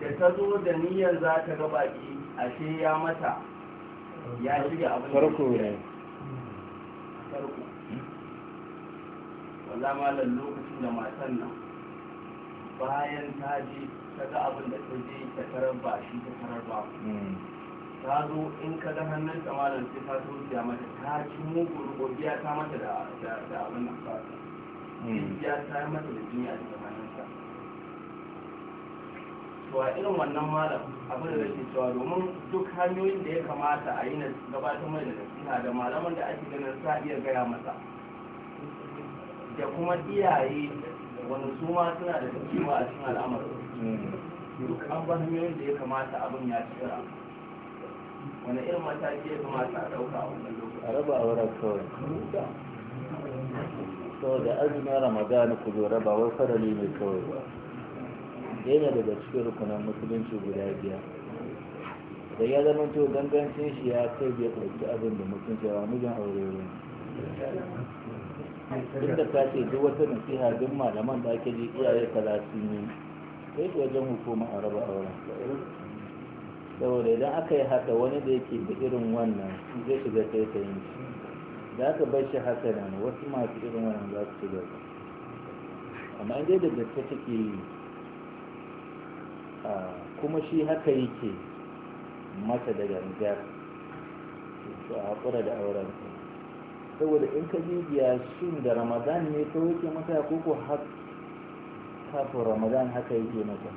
S1: da ta zo da niyyar za ta ga baki ashe ya mata ya shiga abin da farko ne farko wala malam lokacin da matan nan bayan ta je ta ga abin da ta je ta tarar ba shi ta tarar ba hmm. ta zo in ka ga hannun ta malam sai ta ya mata ta ci mugu rubo biya ta mata da abin da biya hmm. ta mata da jini a jikin cewa irin wannan malam abin da zai cewa domin duk hanyoyin da ya kamata a yi na gabatar mai da nasiha da malaman da ake ganin sa iya gaya masa da kuma iyaye wani su ma suna da cewa a cikin al'amarin duk an ba hanyoyin da ya kamata abin ya cira wani irin mataki ya kamata a ɗauka a wannan lokacin. a raba a wurin kawai saboda azumin ramadana ku zo raba wai fara ne kawai ba yana daga cikin rukunan musulunci guda biyar da ya zama to gangancin shi ya kai bai ɗauki abin da mutum cewa mijin aure ne duk da ka ce duk wata nasiha duk malaman da ake ji iyaye kaza sun yi sai wajen hukuma a raba auren saboda idan aka yi haka wani da yake da irin wannan zai shiga sai ta yin shi da aka bar shi haka nan wasu masu irin wannan za su shiga amma dai da gaske take yi kuma shi haka yake mata da gangar su a haƙura da auren saboda in ka jijiya shin da ramadan ne ta wuce mata ko ko kafin ramadan haka yake mata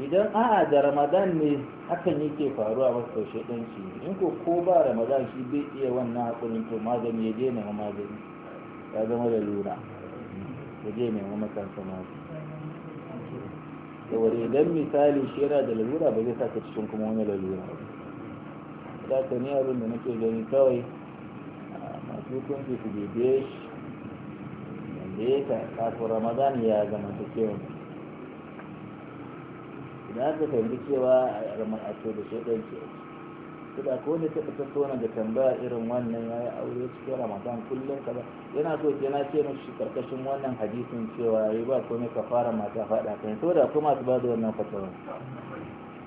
S1: idan a'a da ramadan ne hakan yake faruwa masu taushe ɗanci in ko ko ba ramadan shi bai iya wannan haƙurin to magani ya daina magani ya zama da lura ya je nemi makansa su saboda idan misali shi yana da lalura ba zai saka cikin kuma wani lalura da ka ne abin da nake gani kawai masu hukunci su bebe shi wanda ya ka kafin ramadan ya zama ta kewan idan aka fahimci cewa a ramadan a ce da shaidan ce su ko ne fita tona da tambaya irin wannan ya yi aure cikin ramadan kullum kaza yana so ke na ce mishi karkashin wannan hadisin cewa ya ba komai ka fara mata faɗa kan saboda akwai masu ba da wannan fatawa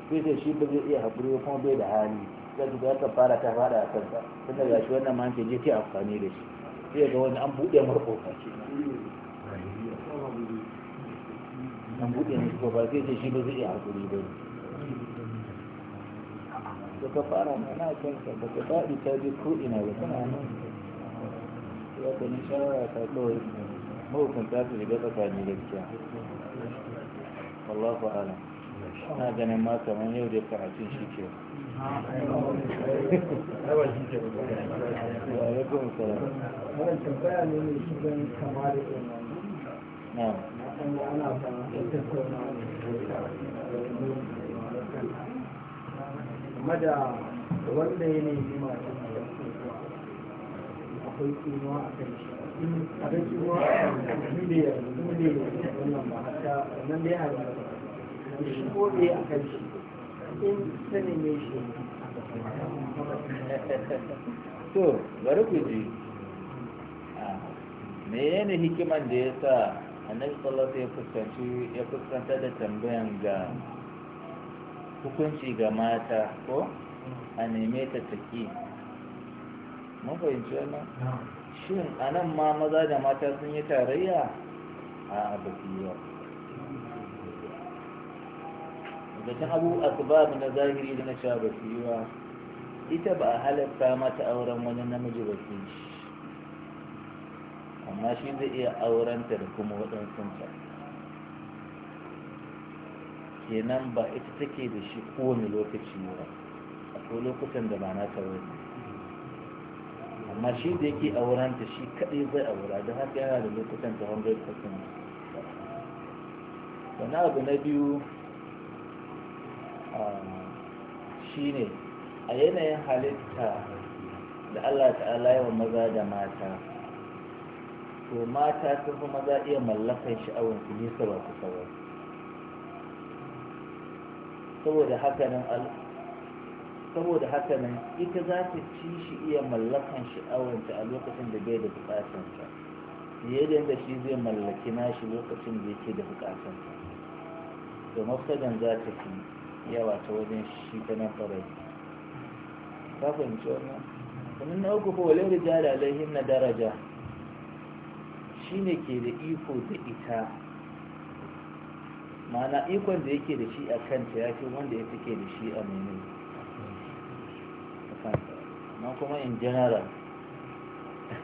S1: sai ce shi ba zai iya haƙuri kuma bai da hali sai ga ka fara ta faɗa a kanta tunda ga shi wannan man je ke amfani da shi sai ga wani an buɗe ka ce an buɗe murƙofa sai ce shi ba zai iya haƙuri ba ne to ka fara mana kanka ba ka faɗi ta je ko ina ba kana nan ya ka ni shawara ta kawai mahukunta su shiga tsakani gaskiya wallahu ala Ina ganin ma kamar yau da karatun shi ke wa alaikum salam wannan tambaya ne mai shigan kamar da ana game da wanda ya nemi matan akwai kinuwa a kan shi kuma a kan wannan ba da ya haɗu
S2: da shi ko ne a kan
S1: shi in shi to bari ku ji menene hikiman da ya sa annabi sallallahu alaihi wasallam ya fuskanta da tambayan ga hukunci ga mata ko a neme ta taki mafahimci wannan shin a nan ma maza da mata sun yi tarayya a abokiyar daga abu asbab na zahiri da na sha basiwa ita ba a halatta mata auren wani namiji ba shi amma shi zai iya aurenta da kuma waɗansu kenan ba ita take da shi kowane lokaci ba akwai lokutan da ba na ta wani amma shi da yake a wuranta shi kaɗai zai a wura don haka yana da lokutan ta wanda ya kasance wani abu na biyu ah, shi ne a yanayin halitta da allah ta'ala yawan maza da mata to mata sun fi maza iya mallakan sha'awar su nisa ba kusa ba saboda hakanan al saboda hakanan ita za ta ci shi iya mallakan sha'awarta a lokacin da bai da bukatansa fiye da yadda shi zai mallaki nashi lokacin da yake da bukatansa da mafsadan za ta fi yawa ta wajen shi ta nan farai ka fahimci wannan kuma na uku fa walin rijala alaihin na daraja shine ke da iko da ita mana ikon da yake da shi a kanta ya fi wanda ya take da shi a mene amma kuma in general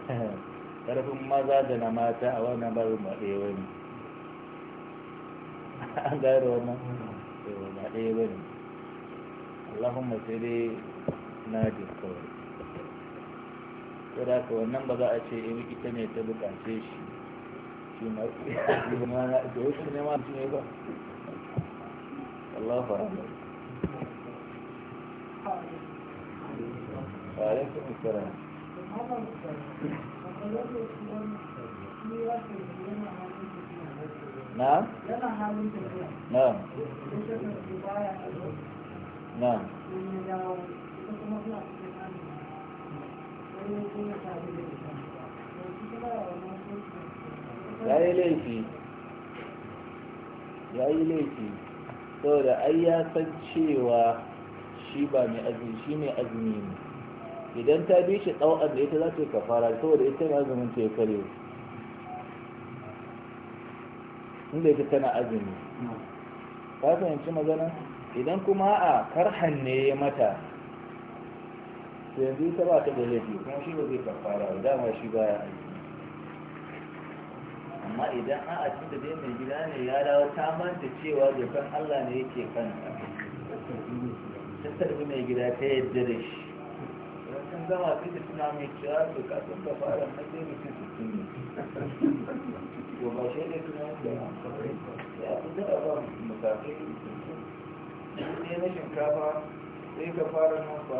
S1: ƙarfin maza da na mata a wannan barin ba ɗaya wani an gane wannan ba ɗaya wani allahumma sai dai na kawai saboda haka wannan ba za a ce ita ne ta bukace shi shi ma yi na na ake wuce ne ma su ne ba Allah fara ne
S2: fara ne kuma kira na? yana halin tafiya na? na? na? ya yi
S1: laifi ya laifi saboda ai ya san cewa shi ba mai azumi shi mai azumi ne idan ta bi shi tsawon da ita za ta yi kafara saboda ita na azumin ta ya kare inda ita tana azumi ka fahimci magana idan kuma a karhan ne ya mata yanzu ita ba ta da laifi kuma shi ba zai kafara dama shi baya aiki amma idan a a cikin da dai mai gida ne ya dawo ta manta cewa jakan Allah ne yake kanta ta da mai gida ta yadda da shi sun zama sai suna mai cewa su ka da fara na zai mutum sittin ne ko ba shi ne suna da ya fi da ba musafai ne na shinkafa sai ka fara nufa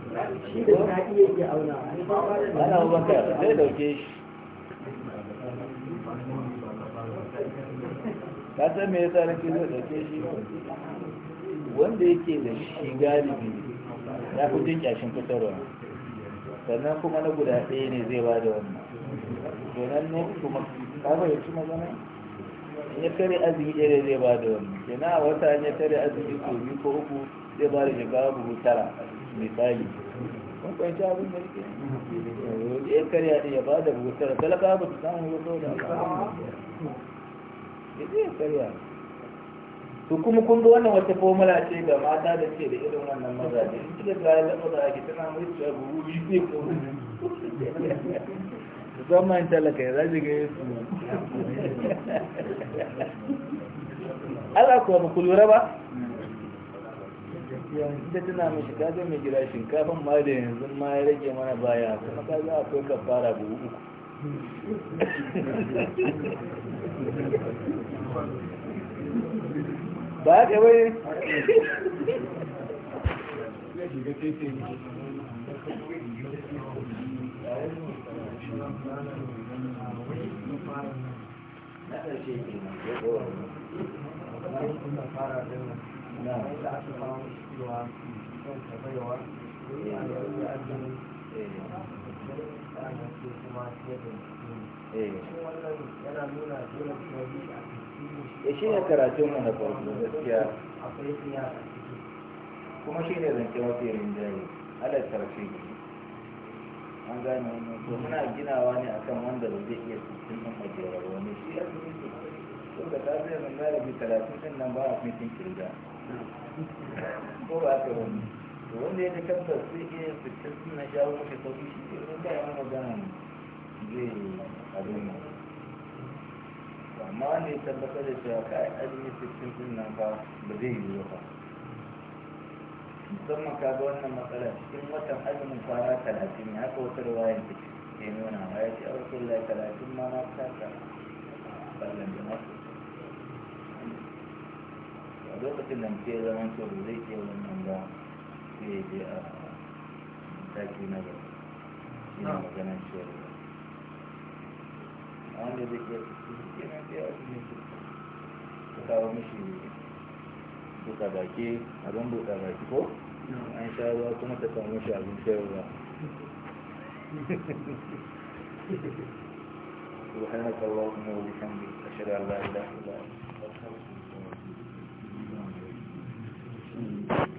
S2: ana abubakar zai dauke
S1: shi ka san me yasa nake zai dauke shi wanda yake da shi galibi ya fi jin kyashin fitarwa sannan kuma na guda ɗaya ne zai ba da wannan kenan ne kuma ya ci magana in ya tare azumi ɗaya zai ba da wannan kenan a wata in ya tare azumi ko biyu ko uku zai ba da shekara buhu tara misali kun kwanci abin da yake ya eh, karya ne ya ba da butar talaka ba su samu wato da ba ya zai karya to kuma kun ga wannan wata formula ce ga mata da ce da irin wannan mazaje in ci da ya zama da ake tana mai cewa buru yi zai ko su musamman talaka ya zaji ga yesu ne ala kuwa ba ku lura ba yanzu da tana mai shiga zai mai gida shinkafin ma da yanzu ma ya rage mana baya kuma ka za a kai ka fara buhu uku ba na ƙarshe ya eh, shi ne karatun mu na farko gaskiya kuma shi ne zance mafi rinjaye alar tarfe an gane wannan to muna ginawa ne akan wanda ba zai iya tutun nan wani shi ya fi to da ta zai da bi talatin nan ba a fi kirga ko ba ka wani wanda ya ji kansa sai iya fitar suna jawo mashi sauki shi ne wanda ya mana gana zai abin nan amma wanda ya tabbatar da cewa kai azumi fitin din nan ba ba zai yi ba musamman ka ga wannan matsala cikin watan azumin kwana talatin ya ka wata ruwayan ta ke nuna ma ya ce a wasu lai talatin ma na kasa ballan da lokacin da mutum ya zama to zai ke wannan ba sai ya je a mataki na gaba shi ne maganar ciyarwa a wanda zai ke su suke na biya su ne su kawo mishi buka baki abin buka baki ko an sha ruwa kuma ta samu shi abin shayarwa سبحانك اللهم وبحمدك
S2: أشهد أن لا إله إلا أنت Mm-hmm.